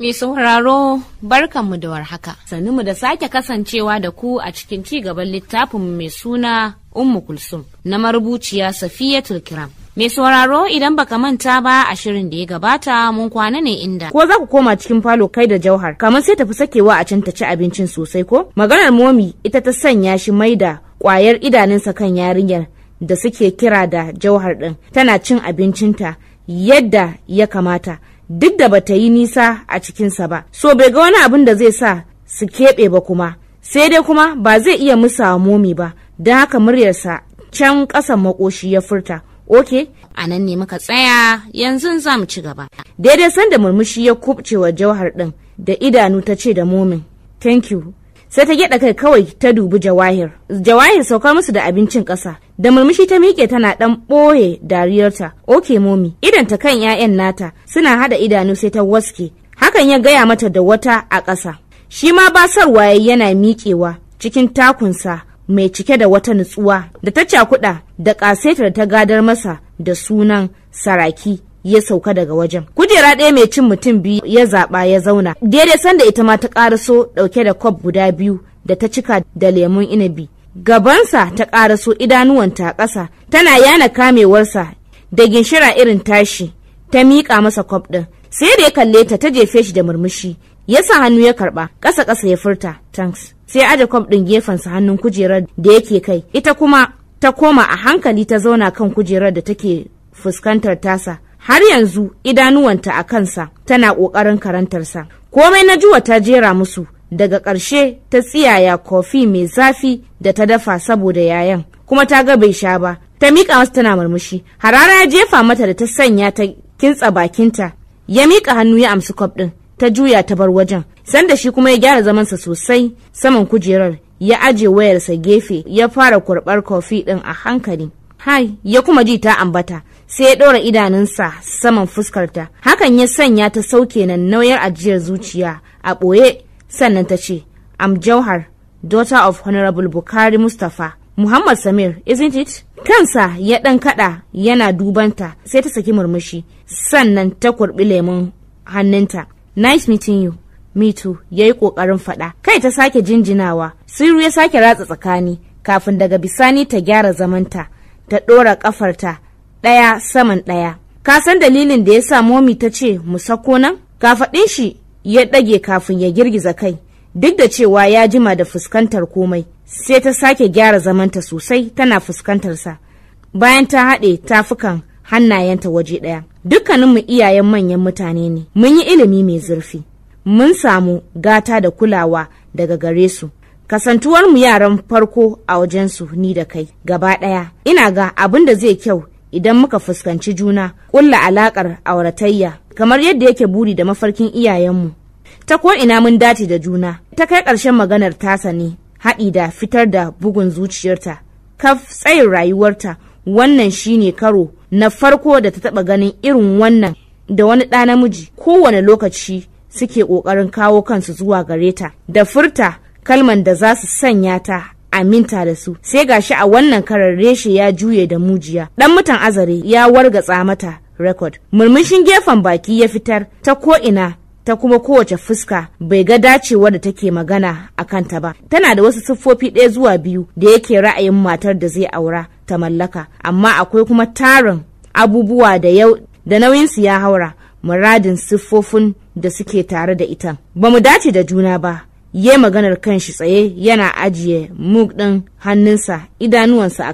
Mai sauraro mu da warhaka. Sannu mu da sake kasancewa da ku a cikin ci gaban littafin mai suna Ummu Kulsum na marubuciya Safiya Tulkiram. Mai sauraro idan baka manta ba a shirin da ya gabata mun kwana ne inda. Ko za ku koma cikin falo kai da jauhar kamar sai tafi sakewa a can ta ci abincin sosai ko? Maganar momi ita ta sanya shi mai da kwayar idanunsa kan yarinyar da suke kira da jauhar ɗin tana cin abincinta yadda ya kamata. duk da bata yi nisa a cikinsa ba so bai ga wani abin da zai sa su keɓe ba kuma sai dai kuma ba zai iya musa momi ba don haka muryarsa can ƙasan makoshi ya furta ok a nan ne muka tsaya yanzu za mu ci gaba daidai sanda murmushi ya kubce wa jauhar ɗin da idanu ta ce da momin thank you sai ta gyada kai kawai ta dubi jawahir jawahir sauka musu da abincin ƙasa da murmushi ta miƙe tana ɗan ɓoye dariyarta oke momi idan ta kan 'ya'yan nata suna haɗa idanu sai ta waske hakan ya gaya mata da wata a ƙasa shi ma basarwa yana miƙewa cikin takunsa mai cike da wata nutsuwa da ta cakuɗa da ƙasaitar ta gadar masa da sunan saraki ya sauka daga wajen kujera ɗaya mai cin mutum biyu ya zaɓa ya zauna daidai sanda ita ma ta ƙaraso ɗauke da kwab guda biyu da ta cika da lemun inabi gabansa ta ƙaraso idanuwanta a ƙasa tana yana kamewarsa da ginshira irin tashi ta miƙa masa kwab ɗin sai da ya kalle ta ta jefe shi da murmushi ya sa hannu ya karɓa ƙasa ƙasa ya furta tanks sai aje kwab ɗin gefensa hannun kujerar da yake kai ita kuma ta koma a hankali ta zauna kan kujerar da take fuskantar tasa har yanzu idanuwanta a kansa tana ƙoƙarin karantarsa komai na juwa ta jera musu daga ƙarshe ta tsiyaya kofi mai zafi da ta dafa saboda yayan kuma ta ga bai sha ba ta miƙa masa tana murmushi harara ya jefa mata da ta sanya ta kintsa bakinta ya miƙa hannu ya amsi kwaf ɗin ta juya ta bar wajen sanda shi kuma ya gyara zamansa sosai saman kujerar ya aje wayarsa gefe ya fara kurɓar kofi ɗin a hankali hai ya kuma ji ta ambata sai ya ɗora idanunsa saman fuskarta hakan ya sanya ta sauke nan nauyar ajiyar zuciya a ɓoye sannan ta ce am jauhar daughter of honorable bukari mustapha muhammad samir isn't it kansa ya ɗan kaɗa yana dubanta sai ta saki murmushi sannan ta kurɓi lemon hannunta nice meeting you me ya yi ƙoƙarin faɗa kai ta sake jinjinawa siru ya sake ratsa tsakani kafin daga bisani ta gyara zamanta ta ɗora ƙafarta ɗaya saman ɗaya ka san dalilin da ya sa momi ta ce mu sako nan kafaɗin shi ya ɗage kafin ya girgiza kai duk da cewa ya jima da fuskantar komai sai ta sake gyara zamanta sosai tana fuskantar sa bayan ta haɗe tafukan hannayenta waje ɗaya dukkaninmu iyayen manyan mutane ne mun yi ilimi mai zurfi mun samu gata da kulawa daga gare su Kasantuwar mu yaran farko a wajensu ni da kai gaba ɗaya ina ga abin da zai kyau idan muka fuskanci juna Kulla alaƙar auratayya kamar yadda yake buri da mafarkin iyayenmu ta ko ina mun dace da juna ta kai ƙarshen maganar tasa ne haɗi da fitar da bugun zuciyarta kaf tsayin rayuwarta wannan shine karo na farko da ta taɓa ganin irin wannan da wani ɗa namiji kowane lokaci suke ƙoƙarin kawo kansu zuwa gare ta da furta kalman da za su sanya ta aminta da su sai gashi a wannan karar reshe ya juye da mujiya dan mutan azare ya warga tsamata record murmushin gefen baki ya fitar ta ko ina ta kuma kowace fuska bai ga dacewa da take magana a kanta ba tana da wasu siffofi ɗaya zuwa biyu da yake ra'ayin matar da zai aura ta mallaka amma akwai kuma tarin abubuwa da yau da nauyinsu ya haura muradin siffofin da suke tare da ita ba mu dace da juna ba ya maganar kanshi tsaye yana ajiye mug ɗin hannunsa idanuwansa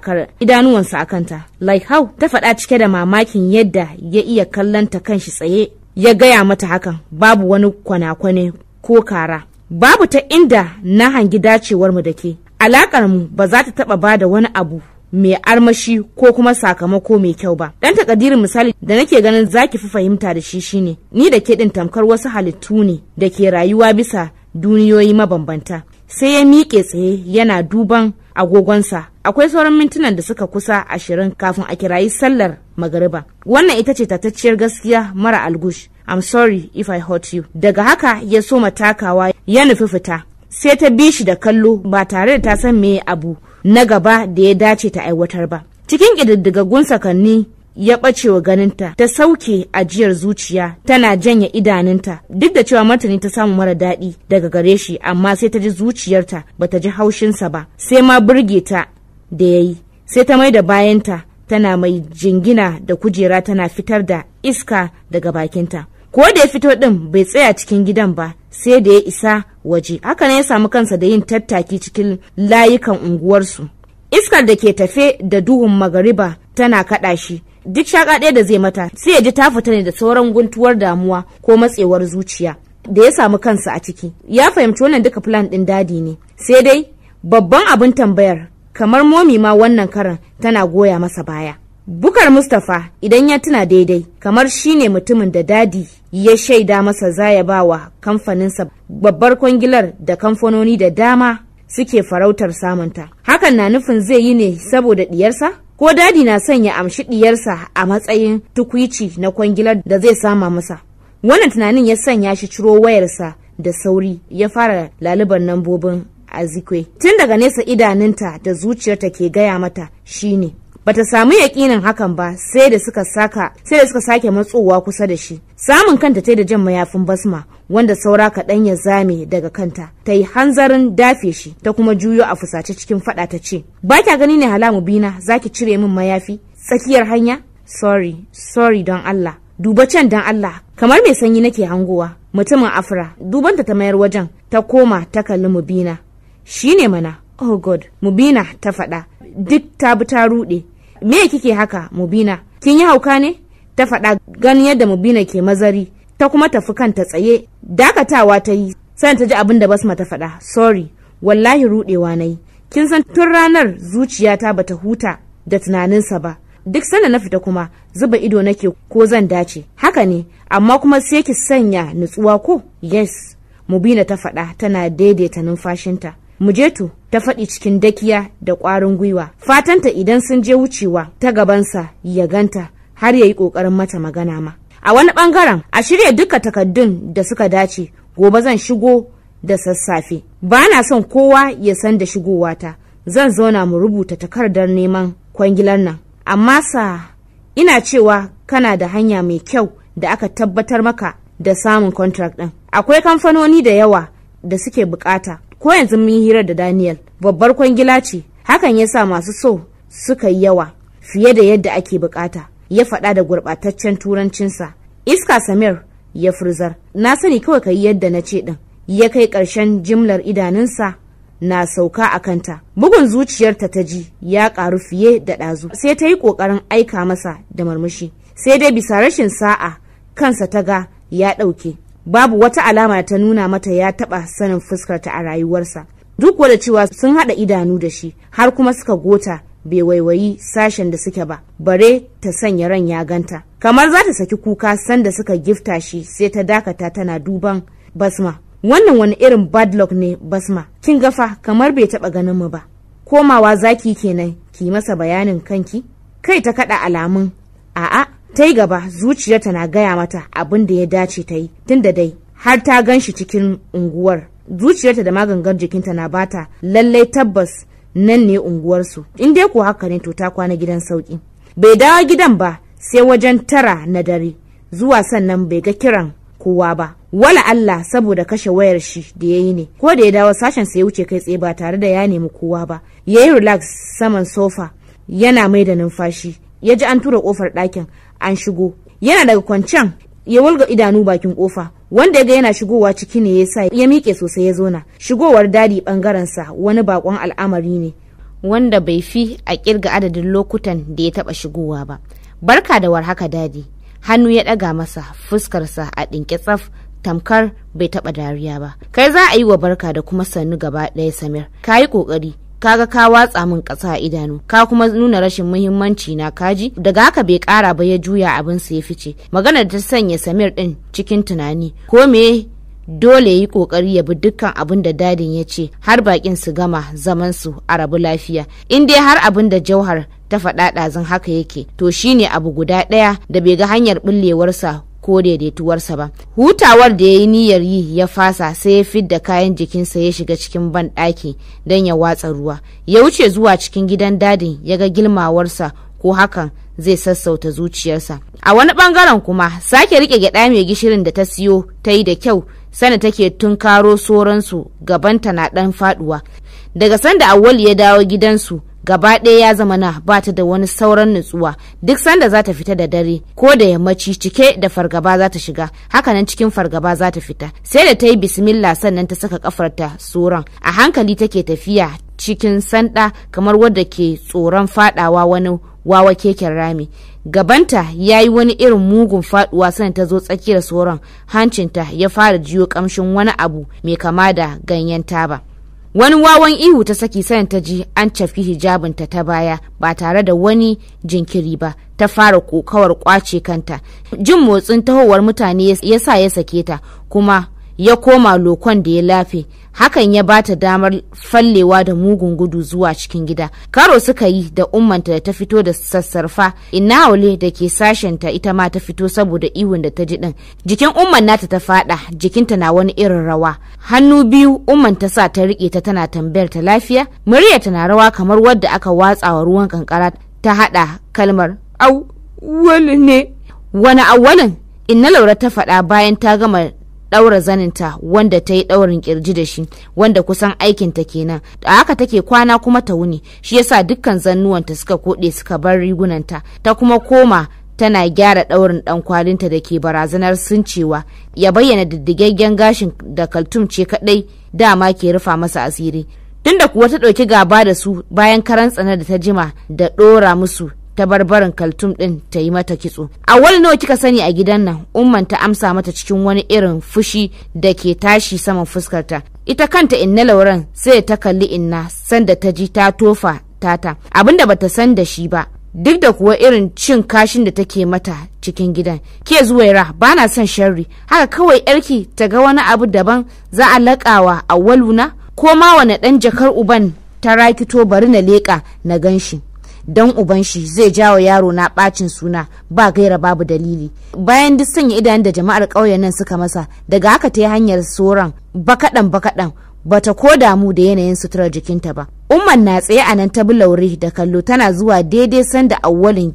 a kanta. Like how ta faɗa cike da mamakin yadda ya iya kallonta kanshi tsaye ya gaya mata hakan babu wani kwanakwane ko kara. Babu ta inda na hangi dacewar mu da ke. Alakar mu ba za ta taɓa ba da wani abu mai armashi ko kuma sakamako mai kyau ba. Ɗan takadirin misali da nake ganin zaki fi fahimta da shi shine ni da ke ɗin tamkar wasu halittu ne da ke rayuwa bisa duniyoyi mabambanta sai ya miƙe tsaye yana duban agogonsa akwai sauran mintunan da suka kusa ashirin kafin a kirayi sallar magariba wannan ita ce tatacciyar gaskiya mara algush i'm sorry if i hurt you daga haka ya soma takawa ya nufi fita sai ta bi shi da kallo ba tare da ta san me abu na gaba da ya dace ta aiwatar ba cikin ƙididdigaggun sakanni ya ɓace wa ganinta ta sauke ajiyar zuciya tana janya idanunta duk da cewa martani ta samu mara daɗi daga gare shi amma sai ta ji zuciyarta ba ta ji haushinsa ba sai ma burge ta da ya yi sai ta mai da bayanta tana mai jingina da kujera tana fitar da iska daga bakinta ko da ya fito ɗin bai tsaya cikin gidan ba sai da ya isa waje haka ne ya samu kansa da yin tattaki cikin layukan unguwarsu iskar da ke tafe da duhun magariba tana kaɗa shi duk shaka ɗaya da zai mata sai ya ji ta fita ne da sauran guntuwar damuwa ko matsewar zuciya da ya samu kansa a ciki ya fahimci wannan duka plan ɗin dadi ne sai dai babban abin tambayar kamar momi ma wannan karin tana goya masa baya Bukar Mustapha idan ya tuna daidai kamar shine mutumin da dadi ya shaida masa zaya wa kamfaninsa babbar kwangilar da kamfanoni da dama suke farautar samunta. Hakan na nufin zai yi ne saboda diyarsa? ko dadi na sanya amshi diyarsa a matsayin tukwici na kwangilar da zai sama masa wannan tunanin ya sanya shi ciro wayarsa da sauri ya fara laluban nambobin azikwe tun daga nesa idanunta da zuciyarta ke gaya mata shine bata samu yakinin hakan ba sai da suka saka sai da suka sake matsowa kusa da shi samun kanta ta da jan mayafin basma wanda saura kaɗan ya zame daga kanta ta yi hanzarin dafe shi ta kuma juyo a fusace cikin faɗa ta ce ba kya gani ne halamu bina zaki cire min mayafi tsakiyar hanya sorry sorry don allah duba can don allah kamar mai sanyi nake hangowa mutumin afra dubanta ta mayar wajen ta koma ta kalli mubina shine mana oh god mubina ta faɗa duk ta bi ta ruɗe me kike haka mubina kin yi hauka ne ta faɗa ganin yadda mubina ke mazari ta kuma tafi kanta tsaye dakatawa ta yi san ta ji abin da basma ta faɗa sorry wallahi ruɗewa na yi kin san tun ranar zuciyata bata huta da tunaninsa ba duk sanda na fita kuma zuba ido nake ko zan dace haka ne amma kuma sai ki sanya nutsuwa ko yes mubina ta faɗa tana daidaita numfashinta mujetu ta faɗi cikin dakiya da ƙwarin gwiwa fatanta idan sun je wucewa ta gabansa ya ganta har ya yi ƙoƙarin mata magana ma a wani ɓangaren a shirya duka takaddun da suka dace gobe zan shigo da sassafe ba na son kowa ya san da shigowata zan zauna mu rubuta takardar neman kwangilar nan amma sa ina cewa kana da hanya mai kyau da aka tabbatar maka da samun contract ɗin akwai kamfanoni da yawa da suke bukata ko yanzu mun hirar da daniel babbar kwangila ce hakan ya sa masu so suka yi yawa fiye da yadda ake bukata ya faɗa da gurɓataccen turancinsa iska samir ya furzar na sani kawai ka yi yadda na ce ɗin ya kai ƙarshen jimlar idanunsa na sauka a kanta bugun zuciyarta ta ji ya ƙaru fiye da ɗazu sai ta yi ƙoƙarin aika masa da murmushi sai dai bisa rashin sa'a kansa ta ga ya ɗauke babu wata alama ta nuna mata ya taɓa sanin fuskarta a rayuwarsa duk wada cewa sun haɗa idanu da shi har kuma suka gota bai waiwayi sashen da suke ba bare ta sanya ran ya ganta kamar za ta saki kuka sanda suka gifta shi sai ta dakata tana duban basma wannan wani irin bad luck ne basma kin gafa kamar bai taba ganin mu ba komawa zaki kenan ki masa bayanin kanki kai ta kada alamun a'a ta yi gaba zuciyarta na gaya mata abin da ya dace ta yi tun da dai har ta gan shi cikin unguwar zuciyarta da magangar jikinta na bata lallai tabbas nan ne unguwarsu in dai ko haka ne to ta kwana gidan sauki bai dawo gidan ba sai wajen tara na dare zuwa sannan bai ga kiran kowa ba wala Allah saboda kashe wayar shi da ya yi ne ko da ya dawo sashen sai ya wuce kai tsaye ba tare da ya nemi kowa ba ya yi relax saman sofa yana mai da numfashi ya ji an tura kofar ɗakin an shigo yana daga kwancan ya wulga idanu bakin kofa wanda ya ga yana shigowa ciki ne ya sa ya miƙe sosai ya zona shigowar dadi bangaren sa wani bakon al'amari ne wanda bai fi a kirga adadin lokutan da ya taba shigowa ba barka da warhaka dadi hannu ya ɗaga masa fuskarsa a dinke tsaf tamkar bai taɓa dariya ba kai za a yi wa barka da kuma sannu gaba ɗaya samir ka yi ƙoƙari kaga ka watsa min ƙasa a idanu ka kuma nuna rashin muhimmanci na kaji daga haka bai ƙara ba ya juya abin sa ya fice magana ta sanya samir din cikin tunani ko me dole yi kokari ya bi dukkan abin da dadin ya ce har bakin su gama zaman su a rabu lafiya in dai har abin da jauhar ta faɗa zan haka yake to shine abu guda ɗaya da bai ga hanyar bullewarsa ko daidaituwarsa ba hutawar da ya yi niyyar yi ya fasa sai ya fidda kayan jikinsa ya shiga cikin banɗaki don ya watsa ruwa ya wuce zuwa cikin gidan dadin ya ga gilmawarsa ko hakan zai sassauta zuciyarsa a wani bangaren kuma sake rike gyaɗa mai gishirin da ta siyo ta yi da kyau sana take tunkaro soransu gabanta na ɗan faɗuwa daga sanda awwal ya dawo gidansu gaba ɗaya ya zama na ba ta da wani sauran nutsuwa duk sanda za ta fita da dare ko da yammaci cike da fargaba za ta shiga nan cikin fargaba za ta fita sai da ta yi bismillah sannan ta saka kafarta tsoron a hankali take tafiya cikin sanda kamar wadda ke tsoron fadawa wani wawa keken rami gabanta ya yi wani irin mugun faduwa sannan ta zo tsakiyar tsoron hancinta ya fara jiyo kamshin wani abu mai kama da ganyen taba wani wawan ihu ta saki sayan ta ji an cafki hijabinta ta baya ba tare da wani jinkiri ba ta fara kokawar kwace kanta jin motsin tahowar mutane ya sa ya sake ta kuma ya koma lokon da ya lafe hakan ya bata damar fallewa da mugun gudu zuwa cikin gida karo suka yi da ummanta da ta fito da sassarfa inna Haule da ke sashenta ita ma ta fito saboda iwon da ta ji din jikin umman nata ta fada jikinta na wani irin rawa hannu biyu umman ta sa ta rike ta tana tambayar ta lafiya murya na rawa kamar wadda aka watsawa ruwan kankara ta hada kalmar au wani ne wani awalin inna laura ta faɗa bayan ta gama ɗaura zaninta wanda ta yi ɗaurin kirji da shi wanda kusan aikinta kenan da haka take kwana kuma ta wuni shi yasa dukkan zannuwanta suka koɗe suka bar rigunanta ta kuma koma tana gyara ɗaurin ɗan kwalinta da ke barazanar sun cewa ya bayyana diddigaggen gashin da kaltum ce kaɗai dama ke rufa masa asiri tunda kuwa ta ɗauki gaba da su bayan karan tsanar da ta jima da ɗora musu ta barbarin kaltum din ta yi mata kitso a wani nawa kika sani a gidan nan umman ta amsa mata cikin wani irin fushi da ke tashi saman fuskarta ita kanta inna lauran sai ta kalli inna sanda ta ji ta tofa tata abinda bata san da shi ba duk da kuwa irin cin kashin da take mata cikin gidan ke zuwaira ba na son sharri haka kawai yarki ta ga wani abu daban za a laƙawa a waluna ko ma wani ɗan jakar uban ta rakito bari na leƙa na gan shi dan uban shi zai jawo yaro na bacin suna ba gaira babu dalili bayan duk sanya idan da jama'ar ƙauyen nan suka masa daga haka ta yi hanyar soran bakaɗan bakaɗan bata ko damu da yanayin suturar jikinta ba Umar na tsaye a nan ta lauri da kallo tana zuwa daidai sanda awwalin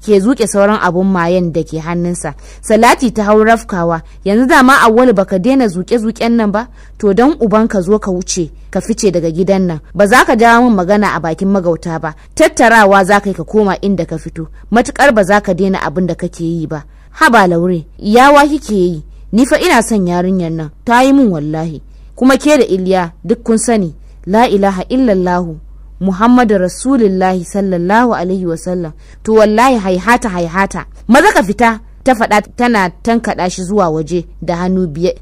ke zuke sauran abun mayan da ke hannunsa salati ta hau rafkawa yanzu dama awwalu baka daina zuke zuken nan ba to don uban ka zo ka wuce ka fice daga gidan nan ba za ka jawo min magana a bakin magauta ba tattarawa za ka yi ka koma inda ka fito matukar ba za ka daina abin da kake yi ba haba laure yawa kike yi ni fa ina son yarinyar nan ta yi min wallahi kuma ke da iliya duk kun sani la ilaha illallahu muhammadu rasulillahi sallallahu alaihi wasallam to wallahi haihata haihata maza ka fita ta faɗa tana tankaɗa shi zuwa waje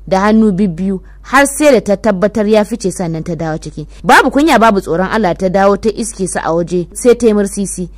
da hannu biyu har sai da ta tabbatar ya fice sannan ta dawo ciki babu kunya babu tsoron Allah ta dawo ta iske sa a waje sai ta yi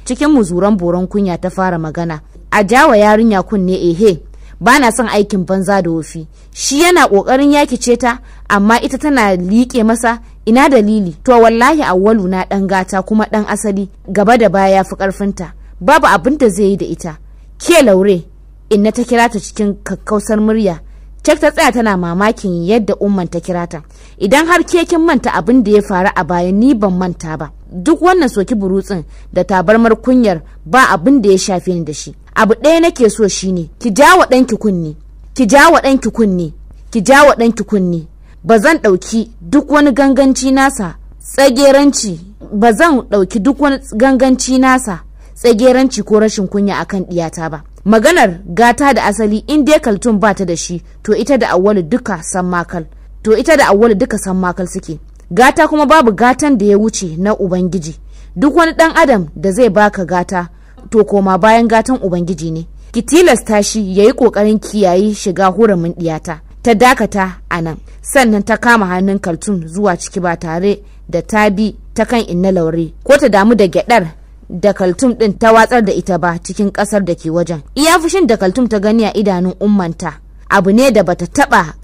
cikin muzuran boron kunya ta fara magana a jawa yarinya kunne ehe ba na son aikin banza da wofi shi yana ƙoƙarin yakice ta amma ita tana liƙe masa ina dalili to wallahi awwalu na ɗan gata kuma ɗan asali gaba da baya ya fi ƙarfinta babu abin da zai yi da ita ke laure inna ta kira ta cikin kakkausar murya cak ta tsaya tana mamakin yadda umman ta kira ta idan har kekin manta abin da ya faru a baya ni ban manta ba duk wannan soki burutsin da tabarmar kunyar ba abin da ya shafe ni da shi abu ɗaya nake so shine ki jawa ɗanki kunni ki jawa ɗanki kunni ki jawa ɗanki kunni ba zan ɗauki duk wani ganganci nasa tsageranci ba zan ɗauki duk wani ganganci nasa tsageranci ko rashin kunya a kan ɗiyata ba maganar gata da asali in dai kaltun ba ta da shi to ita da awwalu duka san makal to ita da awwalu duka san makal suke gata kuma babu gatan da ya wuce na ubangiji duk wani ɗan adam da zai baka gata to koma bayan gatan ubangiji ne ki tilasta shi ya yi kokarin kiyaye shiga huramin diyata ta dakata a nan sannan ta kama hannun kaltun zuwa ciki ba tare da ta bi ta kan inna laure ko ta damu da gyaɗar da kaltum ɗin ta watsar da ita ba cikin ƙasar da ke wajen iya fushin da kaltum ta gani a idanun ummanta abu ne da bata taɓa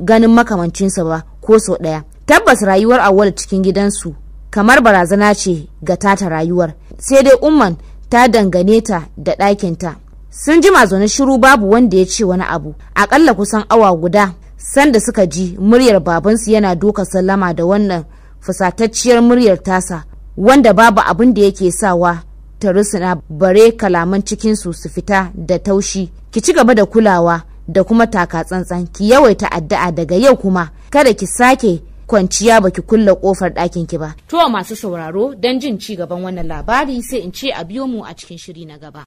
ganin makamancinsa ba ko sau ɗaya tabbas rayuwar awwal cikin gidansu kamar barazana ce ga tata rayuwar sai dai umman ta dangane ta da ta sun jima zaune shiru babu wanda ya ce wani abu aƙalla kusan awa guda sanda suka ji muryar babansu yana duka sallama da wannan fusatacciyar muryar tasa wanda babu abin da yake sawa ta rusuna bare kalaman cikinsu su fita da taushi ki ci gaba da kulawa da kuma taka tsantsan ki yawaita addu'a daga yau kuma kada ki sake kwanciya baki kulle kofar ɗakin ki ba. To masu sauraro don jin ci gaban wannan labari sai in ce a biyo mu a cikin shiri na gaba.